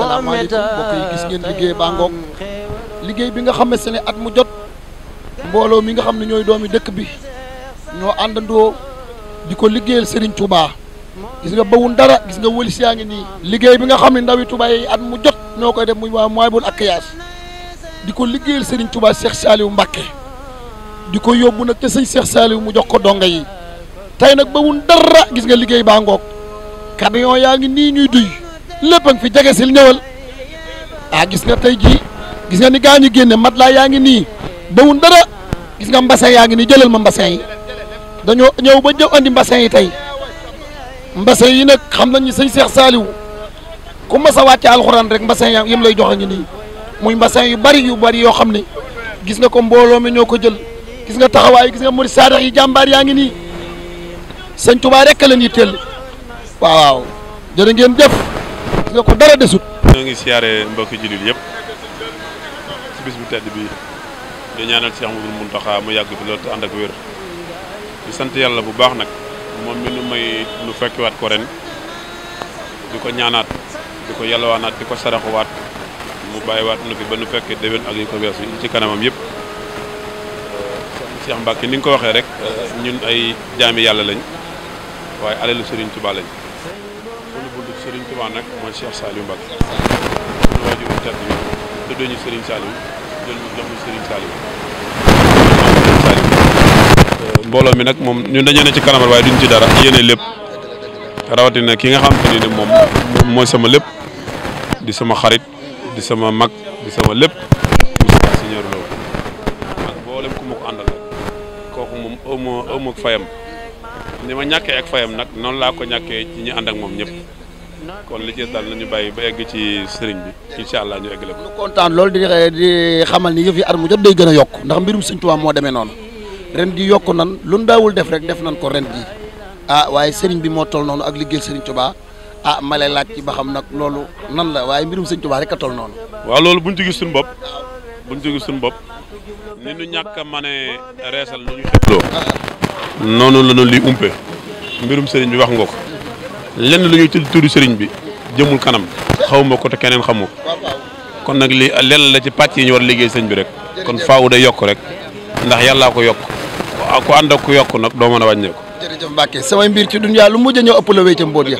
asalaamaaleykum mbokk yi gis ngeen liggéey baa ngoog liggéey bi nga xamante ne at mu jot mbooloo mi nga xam ne ñooy doomi dëkk bi ñoo àndandoo di ko liggéeyal Serigne tubaa gis nga bawun dara gis nga wëlis yaa ngi nii liggéey bi nga xam ne ndawi Touba yi at mu jot ñoo koy def muy waa Mouwahiboul Akyaas di ko liggéeyal Serigne Touba Cheikh Saliou Mbacké di ko yóbbu nag te sëñ Cheikh Saliou mu jox ko donga yi tey nag bawun dara gis nga liggéey baa ngoog camion lépp a ngi fi jege sil ñëwal ah gis nga tey jii gis nga ni gaa ñu génne mat laa yaa ngi nii bawun dara gis nga mbasin yaa ngi nii jëlal ma mbasin yi dañoo ñëw ba jëw andi mbasin yi tey mbasin yi nag xam nañu sëñ Seex Saaliw ku mas a wàcce alxuraan rek mbasin ya yim lay joxe ngi nii muy mbasin yu bari yu bari yoo xam ne gis nga ko mbooloo mi ñoo ko jël gis nga taxawaay gis nga murid saadax yi jàmbaar yaa ngi nii sëñ Tuubaa rek a leen yitteel waaw jërë nga ko dara desut. ñoo ngi siyaare mbokki jullit yëpp ci bis bu tedd bi di ñaanal Cheikh Mouhamadou Mountakha mu yàgg fi loolu te ànd ak wér di sant yàlla bu baax nag moom mi nu may nu fekkiwaat ko ren di ko ñaanaat di ko yàlla yalwaanaat di ko saraxuwaat mu bàyyiwaat nu fi ba nu fekkee déwén ak yu ko weesu yi ci kanamam yëpp Cheikh Mbacke ni ko waxee rek ñun ay jaami yàlla lañ waaye alalu Serigne Touba lañ. sëriñ Tuubaa nag mooy Cheikh Saliou Mbacké suñu waajur mbooloo mi nag moom ñun dañu ne ci kanamal waaye duñ ci dara yéene lépp rawatina ki nga xam ni ne moom mooy sama lépp di sama xarit di sama mag di sama lépp Moustapha ko àndal nag kooku moom ëmm ëmm ak fayam ni ma ñàkkee ak fayam nag noonu laa ko ñàkkee ci ñi ànd ak moom ñëpp kon li ci daal nañu bàyyi ba egg ci sëriñ bi incha allah ñu eggale ko. kontaan loolu di di xamal ni yëf yi at gën yokk ndax mbirum sëñ Tuubaa moo demee noonu ren di yokk nan lu daawul def rek def nan ko ren ji ah waaye sëriñ bi moo toll noonu ak liggéey sëriñ Tuubaa ah ma lay laaj ci ba xam nag loolu nan la waaye mbirum sëñ Tuubaa rek noonu. waaw loolu bu ci gis suñu bopp bu ñu ci gis suñu bopp ni ñu ñàkk a mane reesal nu ñu xeploo noonu la ñu mbirum sëriñ bi wax nga lenn lu ñuy tudd sëriñ bi jëmul kanam xawma ko te keneen xamu kon nag li lenn la ci pàcc yi ñu war liggéey sëñ bi rek kon faaw day yokk rek ndax yàllaa ko yokk ku ànd ak ku yokk nag doo mën a wàññeeku. jërëjëf Mbacke samay mbir ci dunya lu mujj ñëw ëpp la wéy ca mbóot ya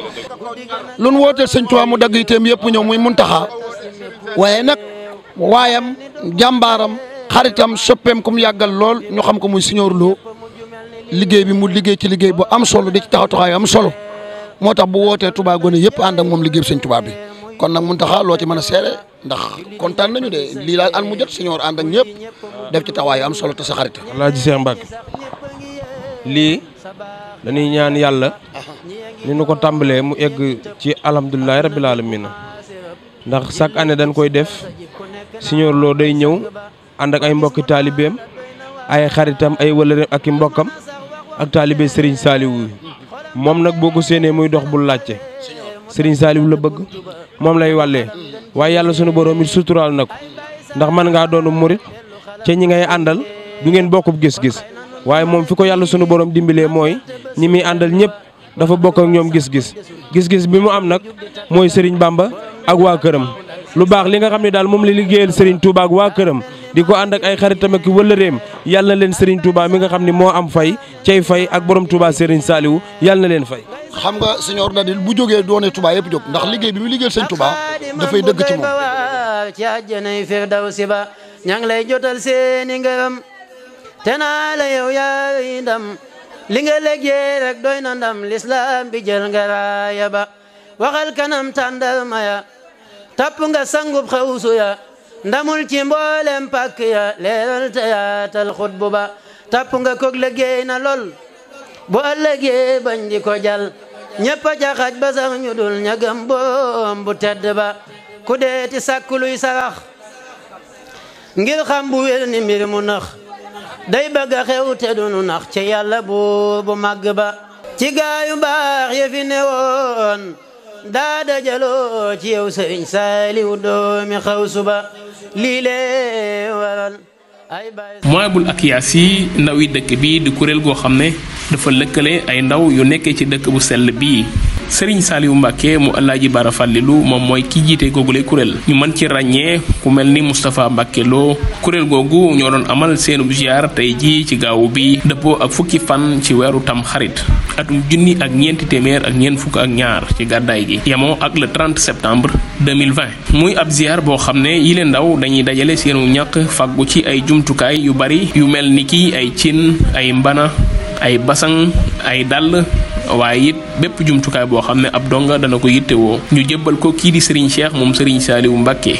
lu nu wooteel sëñ mu dagg itam yëpp ñëw muy taxa waaye nag waayam jàmbaaram xaritam soppeem kum yàggal lool ñu xam ko muy Sëñ Lô liggéey bi mu liggéey ci liggéey bu am solo di ci taxaw taxaw am solo. moo tax bu wootee Touba gone yëpp ànd ak moom liggéey sëñ Touba bi kon nag Mountakha loo ci mën a seere ndax kontaan nañu de lii laal an mu jot suñu war ànd ak ñëpp def ci taxawaay am solo te sa xarit. Alaaji Seex Mbàkke lii dañuy ñaan yàlla ni nu ko tàmbalee mu egg ci alhamdulilahi mi na ndax chaque année dañ koy def Sëriñ Lo day ñëw ànd ak ay mbokki taalibeem ay xaritam ay wëlëreem ak i mbokkam ak taalibe Serigne Saliou moom nag boo ko séenee muy dox bul laajte sëriñ Saliou la bëgg moom lay wàllee waaye yàlla sunu borom it suturaal na ko ndax mën ngaa doonu murit ca ñi ngay àndal du ngeen bokkub gis-gis waaye moom fi ko yàlla sunu borom dimbalee mooy ñi muy àndal ñëpp dafa bokk ñoom gis-gis gis-gis bi mu am nag mooy sëriñ bàmba ak waa këram lu baax li nga xam ne daal moom la liggéeyal sëriñ Touba waa këram di ko ànd ak ay xaritam ak wëllëreem yàlla na leen Serigne Touba mi nga xam ni moo am fay cay fay ak borom Touba Serigne Saliou yàlla na leen fay. xam nga suñu ordinateur bu jógee doone Touba yëpp jóg ndax liggéey bi mu liggéeyal sëñ Touba dafay dëgg ci moom. ci àjjanay firdawsi ba ña ngi lay jotal seeni ngërëm te naa la yow yaay ndam li nga liggéey rek doy na ndam lislaam bi jël nga raaya ba waxal kanam tàndarma ya tapp nga sangub xawsu ya ndamul ci mboolem pàkk ya leeral te yaatal xutbu ba tapp nga koog liggéey na lool bu ëllëgee bañ di ko jal ñëpp a jaxaj ba sax ñu dul ña gëm boom bu tedd ba ku deeti sàkku luy sarax ngir xam bu ni mbir mu nax day bëgg a xew te dunu nax ci yàlla bu bu màgg ba ci gaayu baax ya fi newoon daa dajaloo ci yow sëriñ Saaliw doomi Xawsu ba lii lee waral Mouwahiboul Akyaas yi ndaw yi dëkk bii di kuréel goo xam ne dafa lëkkale ay ndaw yu nekkee ci dëkk bu sell bii Serigne Saliou Mbacke mu Alaaji Bara Fàllilu moom mooy ki jiite googule kuréel ñu mën ci ràññee ku mel ni Moustapha Mbacke Lo kuréel googu ñoo doon amal seenub ziar tey jii ci gaawu bi dëppoo ak fukki fan ci weeru tam xarit atum junni ak ñeenti téeméer ak ñeent fukk ak ñaar ci gàddaay gi yemoo ak le 30 septembre 2020 muy ab ziar boo xam ne yile ndaw dañuy dajale seenu ñàq fàggu ci ay jumtukaay yu bari yu mel ni ki ay cin ay mbana ay basan ay dàll waaye it bépp jumtukaay boo xam ne ab donga dana ko yittewoo ñu jébbal ko kii di sëriñ Cheikh moom Serigne Saliou Mbacke.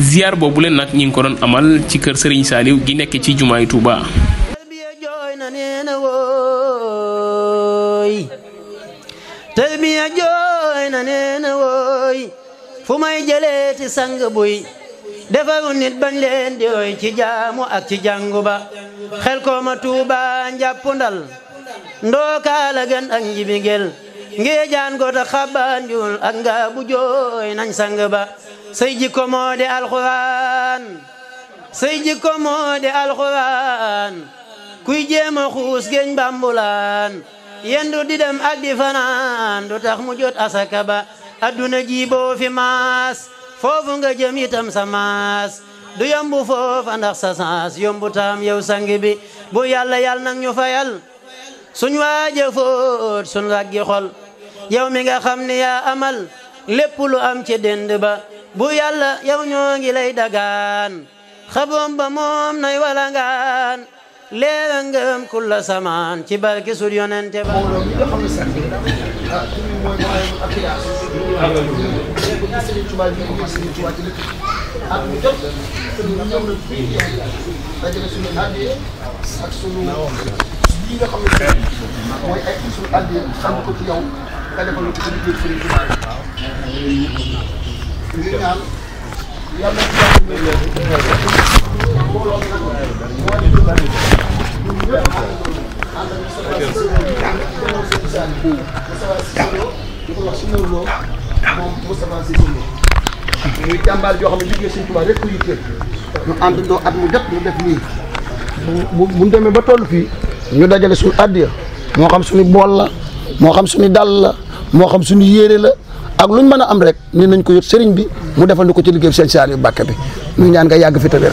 ziar boobu leen nag ñi ngi ko doon amal ci kër Serigne saaliw gi nekk ci jumaay Touba. tarbiya jooy na nee na wooy fu may jëleeti sang buy defaru nit bañ leen di roy ci jaamu ak ci jàngu ba xel kooma Tuuba njàpp ndal ndookaala gën ak njibigel ngeejaan gota xabaandiwul ak ngaa bu jooy nañ sang ba say jikko moo de alxuraan say jikko moo de alxuraan kuy jéem xuus geeñ bambulaan yendu di dem ak di fanaan du tax mu jot asaka ba adduna ji boo fi maas foofu nga jëm itam sa maas du yombu foofa ndax sa yombu taam yow sang bi bu yàlla yàlla nag ñu fayal suñ waaja fóot suñ raggi xol yow mi nga xam ne yaa amal lépp lu am ci dend ba bu yàlla yow ñoo ngi lay dagaan xaboom ba moom nay walangaan leera ngëm kulla samaan ci barki sur yonente ba yi nga xam ne mooy ay suñu àddee sànni ko ci yow nga defal ko ci biir sëriñ bi ñu ñaan yàlla na mbooloo di ko wax suñu loo moom Moustapha Cissé Lo muy jàmbaar joo xam ne liggéey Sëriñ Tuubaa rek ko yitteel ñu ànd doo at mu jot mu def nii bu mu demee ba toll fii ñu dajale suñu addiya moo xam suñu bool la moo xam suñu dàll la moo xam suñu yére la ak lu luñ mën a am rek ni nañ ko yot sëriñ bi mu defal ci liggéey seen saal yu bàkke bi ñu ñaan nga yàgg fi te wér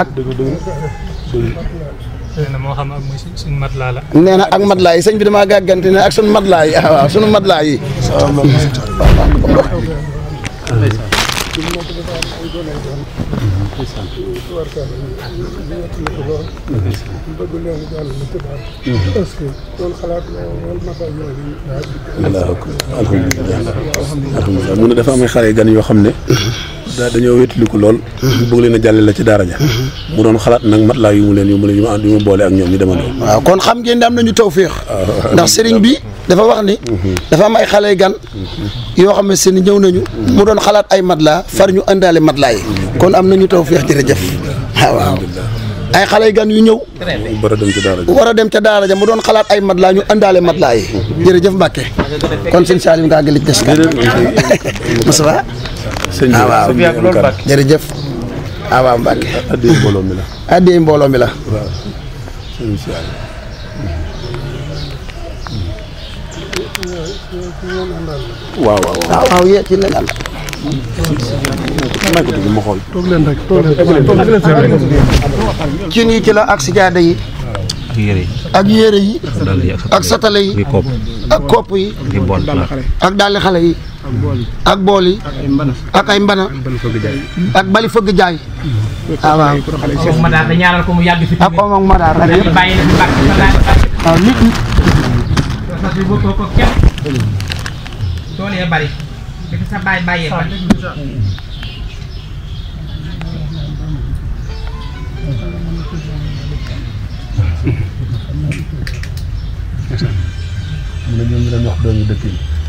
ak nee moo suñu matelas la. nee na ak matelas yi sëñ bi damaa gàggante ne ak suñu matelas yi ah, waaw suñu yi. bëgg mhm. loolu na loolu dafa am ay xale gan yoo xam ne. Mhm. da dañoo wétliku lool. ñu mhm. leen a la ci daara ja. mu doon xalaat nag mat laa yu mu leen yu mu leen yu ma yu ma boole ak ñoom ñu demandoo. waaw kon xam ngeen ne am nañu taw tawféex. Ah, ndax sëriñ bi dafa wax ni. dafa am ay xale gan. yoo xam ne seen ñëw nañu. mu doon xalaat ay mat laa far ñu indaale mat laa yi. kon am nañu tawféex jërëjëf. waaw waaw. ay xale yu gan yu ñëw. war a dem ca daara a dem ca mu doon xalaat ay matelas ñu andaale matelas yi. jërëjëf Mbacke. kon sëñ Salim ngaa gëli des. Moussa. sëñ bi ah, waaw jërëjëf. ah waaw addee mbooloo mi la. addee mbooloo mi la. may ko dugg mu xool. toog leen rek toog leen cin yi ci la ak sijaada yi. yi. ak yére yi. ak satale yi. ak kopp yi. ak dàlli xale yi. ak bool yi. ak ay mbana. ak bali fëgg jaay. ah waaw. ma daal ñaanal ko ak oom ak di ko sa bàyyi bàyyee ba. mu ne ñoom ñu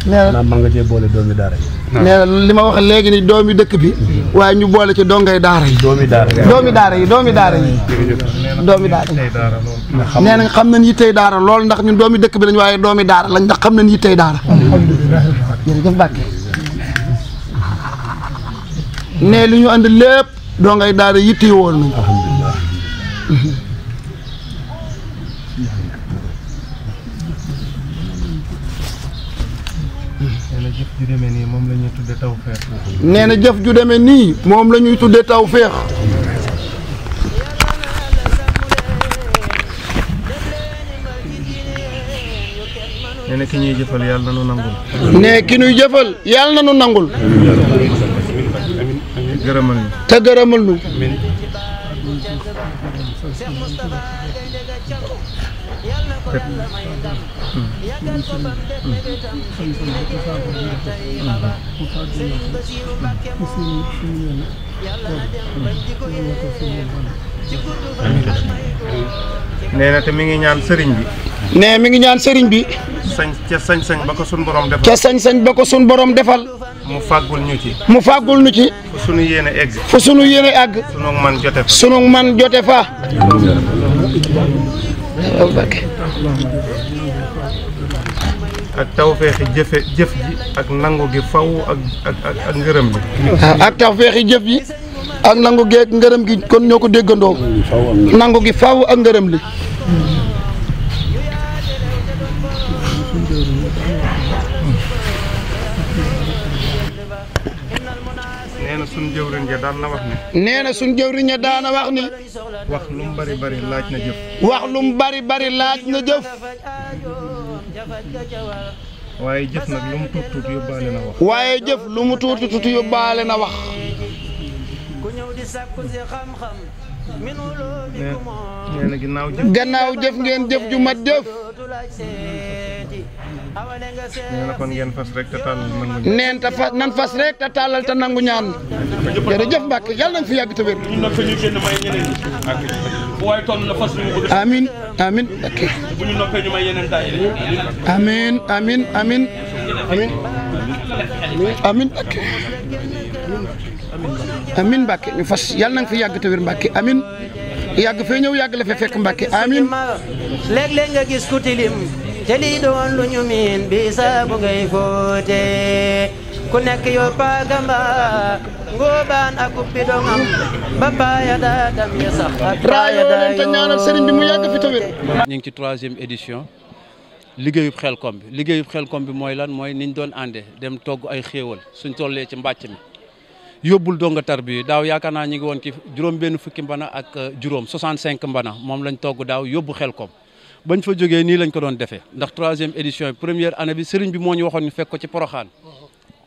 doon wax na cee boole doomi daara yi. nee na li ma wax léegi ni doomi dëkk bi. waaye ñu boole ci dongay daara yi. doomi daara yi doomi daara yi doomi daara yi. doomi daara yi. nee na xam ne nañ yittey daara lool ndax ñun doomi dëkk bi lañ waaye doomi daara lañ ndax xam nañ yittey daara. jërëjëf Mbacke. ne li ñu andi lépp doo ngay daara yitti woon nañu nee nii moom la ñuy taw nee na jëf ju demee nii moom la ñuy tudde taw feex nee ki ñuy jëfal yàlla na nu nangul nee ki ñuy jëfal yàlla na nu nangul gërëmal ñu te gërëmal mi ngi ñaan sëriñ bi. nee mi ngi ñaan sëriñ bi. sañ ca sañ-sañ ba ko sunu borom defal. ca sañ-sañ ba ko sunu borom defal. mu fàggul ñu ci. mu fàggul ñu ci. fu sunu yéene egg. fu sunu yéene egg. sunu man jote fa. sunu man jote fa. ak tawféexi jëf ji ak nangu gi faw ak ngërëm bi. Ah, ak tawféexi jëf ji ak nangu gi ak ngërëm gi kon ñoo ko déggandoo. nangu gi faw ak ngërëm li. jëwriñ ja daan na wax ni. nee na suñ jëwriñ ja daan na wax ni. lu mu bari bari laaj na jëf. wax lu mu bari bari laaj na jëf. waaye jëf nag na waaye jëf lu mu tuut tuut yóbbaale na wax. nee na ginnaaw gannaaw jëf ngeen jëf ju mat jëf. nee na kon ngeen fas rek te tàllal nangu ñaan. neen te fa nan fas rek te tàllal te nangu ñaan. jërëjëf Mbacke yàlla nañ fi yàgg te wér. ñun nag fa ñuy génn may na ñu fas yàlla nañ fi yàgg te wér Mbacke yàgg fee ñëw yàgg la fekk Mbacke amiin. léeg-léeg nga gis ku tilim te lii doon lu ñu miin bi sa bu ku nekk yor paaka mbaa ngóobaan ak ubbi doomam ba paaya daa sax ak paaya daa leen te ñaanal sëriñ bi mu yàgg fi tawit ñu ngi ci troisième édition liggéeyub xelkom bi liggéeyub xelkom bi mooy lan mooy niñ doon àndee dem togg ay xéewal suñ tollee ci mbàcc mi yóbbul donga tar bi daaw yaakaar naa ñu ngi woon ci juróom benn fukki mbana ak eh, juróom 65 mbana moom lañ togg daaw yóbbu xelkom bañ fa jógee nii lañ ko doon defe ndax troisième édition première année bi sëriñ bi moo ñu waxoon ñu fekk ko ci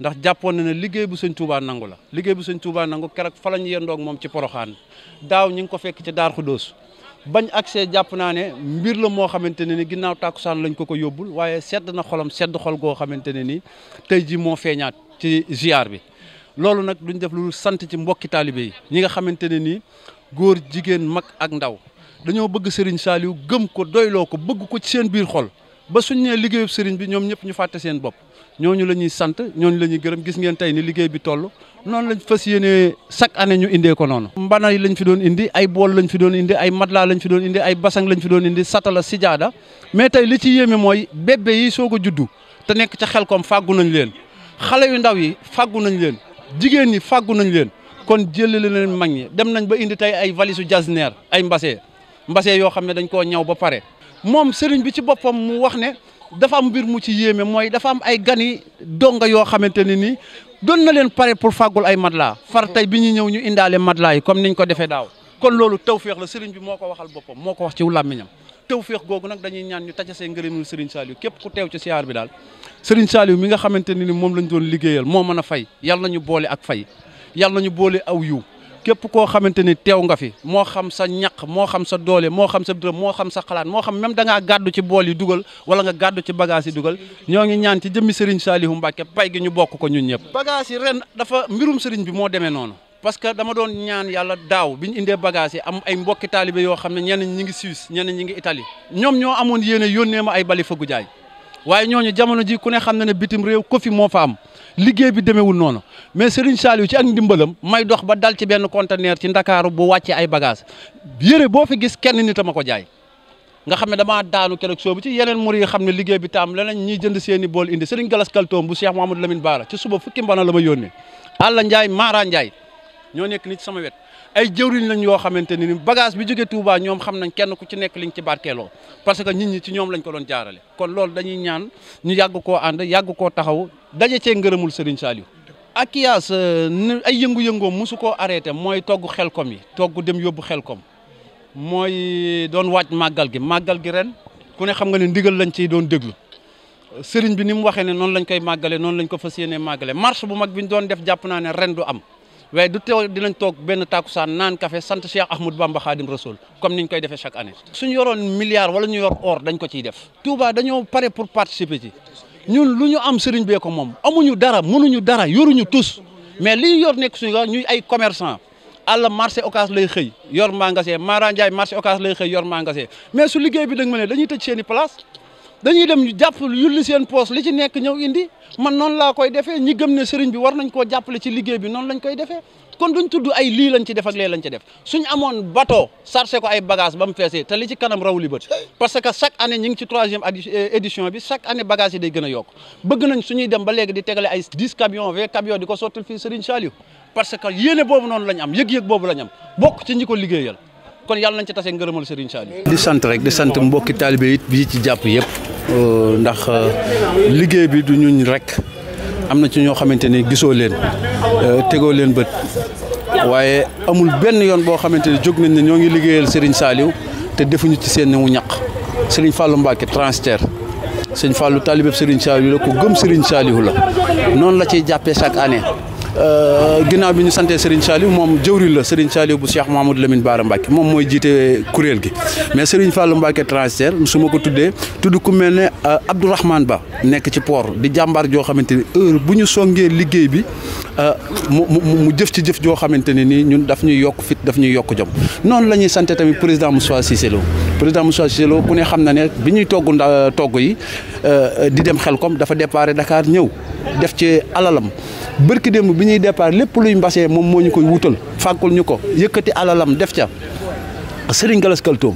ndax jàppoon na ne liggéey bu sëñ Touba nango la liggéey bu sëñ Touba nangu keroog fa la ñu yendoog moom ci poroxaan daaw ñu ngi ko fekk ci daar Xudóos bañ accès jàpp naa ne mbir la moo xamante ne ni ginnaaw tàkkusaan lañ ko ko yóbbul waaye sedd na xolam sedd xol goo xamante ne ni tey ji moo feeñaat ci ziar bi loolu nag duñ def lu sant ci mbokki taalibe yi ñi nga xamante ne ni góor jigéen mag ak ndaw dañoo bëgg Serigne Saliou gëm ko doyloo ko bëgg ko ci seen biir xol ba suñ nee liggéeyub Serigne bi ñoom ñëpp ñu fàtte seen bopp ñooñu lañuy sant ñooñu la ñuy gërëm gis ngeen tey ni liggéey bi toll noonu lañ fas yéenee chaque année ñu indee ko noonu. mbana yi lañ fi doon indi ay bool lañ fi doon indi ay matelas lañ fi doon indi ay basang lañ fi doon indi satala sijaada mais tey li ci yéeme mooy bébé yi soog juddu te nekk ca xel koom fàggu nañ leen xale yu ndaw yi fàggu nañ leen jigéen ñi fàggu nañ leen kon jëlee leen mag ñi dem nañ ba indi tey ay valisu jasneer ay mbase mbase yoo xam ne dañ koo ñaw ba pare moom sëriñ bi ci boppam mu wax ne dafa am mbir mu ci yéeme mooy dafa am ay gani donga yoo xamante ne nii doon na leen pare pour fàggul ay matelas far tey bi ñu ñëw ñu indaale matelas yi comme niñ ko defee daaw kon loolu tawféex la sëriñ bi moo ko waxal boppam moo ko wax ci làmmiñam tawféex googu nag dañuy ñaan ñu tajasee ngërëmul sëriñ Saliou képp ku teew ci siyaar bi daal sëriñ Saliou mi nga xamante ne ni moom lañ doon liggéeyal moo mën a fay yal nañu boole ak fay yal nañu boole aw yiw képp koo xamante ni teew nga fi moo xam sa ñaq moo xam sa doole moo xam sa dërëm moo xam sa xalaat moo xam même da ngaa ci bool yi dugal wala nga gàddu ci bagage dugal ñoo ngi ñaan ci jëmmi Serigne Saliou Mbacke pay gi ñu bokk ko ñun ñëpp. bagage ren dafa mbirum sëriñ bi moo demee noonu. parce que dama doon ñaan yàlla daaw bi ñu indee bagages am ay mbokki taalibe yoo xam ne ñenn ñi ngi Suisse ñenn ñi ngi itali ñoom ñoo amoon yéene yónnee ma ay bali fagu jaay waaye ñooñu jamono ji ku ne xam na ne bitim réew kofi moo fa am liggéey bi demeewul noonu mais Serigne Saliou ci ak ndimbalam may dox ba dal ci benn conteneur ci ndakaaru bu wàccee ay bagage yére boo fi gis kenn nit a ko jaay nga xam ne damaa daanu keroog soobu ci yeneen mur yi xam ne liggéey bi taam leneen ñiy jënd seen i bool indi Serigne Galas Kaltoom bu Cheikh Mouhamadou Lamine Bara ci suba fukki mbana la ma yónnee Alla Ndiaye Mara Ndiaye ñoo nekk nit sama wet ay jëwriñ lañ yoo xamante ni bagage bi jóge Touba ñoom xam nañ kenn ku ci nekk liñ ci barkeeloo parce que nit ñi ci ñoom lañ ko doon jaarale kon loolu dañuy ñaan ñu yàgg koo ànd yàgg koo taxaw daje cee ngërëmul Serigne Saliou Akyaas ay yëngu-yëngoom mosu koo arrêté mooy togg xel xelkom yi togg dem yóbbu xel xelkom mooy doon waaj màggal gi màggal gi ren ku ne xam nga ne ndigal lañ ciy doon déglu sëriñ bi ni mu waxee ne noonu lañ koy màggalee noon lañ ko fas yéenee màggalee marche bu mag bi ñu doon def jàpp naa ne ren du waaye du teew dinañ toog benn tàkkusaan naan café sant Cheikh Ahmadou Bamba Khadim Rasoul comme niñ koy defee chaque année suñu yoroon milliard wala ñu yor or dañ ko ciy def Touba dañoo pare pour participer ci ñun lu ñu am sëriñ bee ko moom amuñu dara mënuñu dara yoruñu tus mais li yor nekk suñu yor ñuy ay commerçant àlla marché occas lay xëy yor magasin Mara Ndiaye marché occas lay xëy yor magasin mais su liggéey bi dañ ma ne dañuy tëj seen i place dañuy dem ñu jàppale yulli seen poos li ci nekk ñëw indi man noonu laa koy defee ñi gëm ne sëriñ bi war nañ koo jàppale ci liggéey bi noonu lañ koy defee kon duñ tudd ay lii lañ ci def ak lee lañ ci def suñ amoon bateau chargé ko ay bagage ba mu feesee te li ci kanam raw li bët parce que chaque année ñi ngi ci troisième euh, édition bi chaque année bagage yi day gën a yokk bëgg nañ suñuy dem ba léegi di tegale ay dix camions vingt camions di ko sottal fii sëriñ Saliou parce que yéene boobu noonu lañ am yëg-yëg boobu lañ am bokk ci ñi ko liggéeyal kon yàlla nañ ci tase ngërëmal Serigne Saliou di sant rek di sant mbokki taalibe it bi ci jàpp yëpp euh, ndax euh, liggéey bi du ñuñ rek am na ci ñoo xamante ni gisoo leen euh, tegoo leen bët waaye amul benn yoon boo xamante ni jóg nañ ne ñoo ngi liggéeyal Serigne Saliou te defuñu ci seen wu ñaq Serigne Fallou Mbacke transitaire Serigne Fallou taalibe Serigne Saliou la ko gëm Serigne Saliou la noonu la ciy jàppee chaque année. Euh, ginnaaw bi ñu santee Serigne Saliou moom jëwriñ la Serigne Saliou bu moom Mahamadou Lamine Bara Mbacke moom mooy jiite kuréel gi mais Serigne Fallou Mbacke transitaire suma ko tuddee tudd ku mel ne euh, Abdourahmane Ba nekk ci port di jàmbaar joo xamante ni heure bu ñu songee liggéey bi euh, mu mu jëf ci jëf joo xamante ne nii ñun daf ñuy yokk fit daf ñuy yokk jom noonu la ñuy sante tamit président Moussa Cissé Lo président Moussa Cissé Lo ku ne xam na ne bi ñuy togg nda togg yi di dem xel kom dafa déparé Dakar ñëw def ci alalam bërki démb bi ñuy départ lépp luy mbase moom moo ñu koy wutal fàggul ñu ko yëkkati alalam def ca Serigne Gallas Kaltoum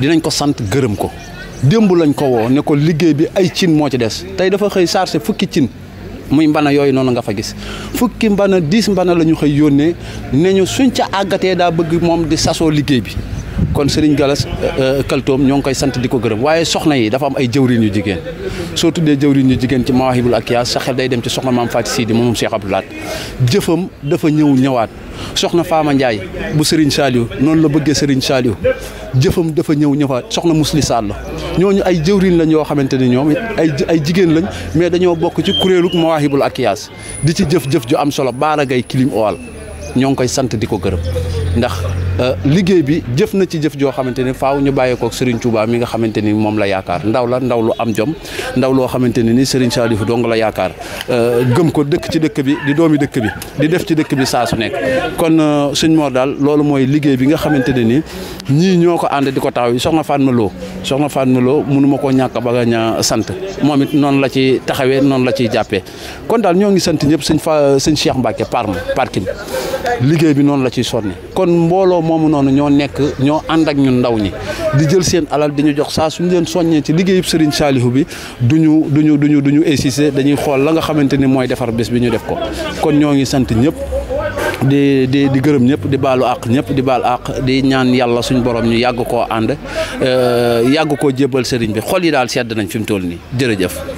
dinañ ko sant gërëm ko démb lañ ko woo ne ko liggéey bi ay cin moo ci des tey dafa xëy chargé fukki cin muy mbana yooyu noonu nga fa gis fukki mbana dix mbana la ñu xëy yónnee nee ñu suñ ca àggatee daa bëgg moom di sasoo liggéey bi kon Serigne Gallas euh, euh, Kaltoom ñoo ngi koy sant di ko gërëm waaye soxna yi dafa am ay jëwriñ yu jigéen soo tuddee jëwriñ yu jigéen ci Mawahibul Akyas sa xel day dem ci soxna maam Faati Sidi moom Cheikh Abdou Lahat dafa ñëw ñëwaat soxna Faama Ndiaye bu Serigne Saliou noonu la bëggee Serigne Saliou jëfam dafa ñëw ñëwaat soxna Musli Sall ñooñu ay jëwriñ lañ yoo xamante ne ñoom ay ay jigéen lañ mais dañoo bokk ci kuréelu Mawahibul Akyas di ci jëf-jëf ju am solo baaragay kilim owal ñoo ngi koy sant di ko gërëm ndax Euh, liggéey bi jëf na ci jëf joo xamante ne faaw ñu bàyyeekoo ak Serigne Touba mi nga xamante ni moom la yaakaar la ndaw lu am jom ndaw loo xamante ne ni Serigne Saliou dong la yaakaar euh, gëm ko dëkk ci dëkk bi di doomi dëkk bi di def ci dëkk bi saa su nekk kon euh, sëñ Mor daal loolu mooy liggéey bi nga xamante ne ni ñii ñoo ko ànd di ko taxaw yi soxna Fatma Lo soxna Fatma mënuma koo ñàkk ba nga sant moom it noonu la ci taxawee noonu la ciy jàppee kon daal ñoo ngi sant ñëpp sëñ fa sëñ Cheikh Mbacke Parma parking liggéey bi noonu la ciy sonne kon mbooloo ndaw moomu noonu ñoo nekk ñoo ànd ak ñun ndaw ñi di jël seen alal di ñu jox saa suñ leen soññee ci liggéeyub Serigne Saliou bi du ñu duñu duñu insisté dañuy xool la nga xamante ni mooy defar bés bi ñu def ko kon ñoo ngi sant ñëpp di di di gërëm ñëpp di baalu àq ñëpp di baal àq di ñaan yàlla suñu borom ñu yàgg koo ànd euh, yàgg koo jébbal sëriñ bi xol yi daal sedd nañ fi mu toll nii jërëjëf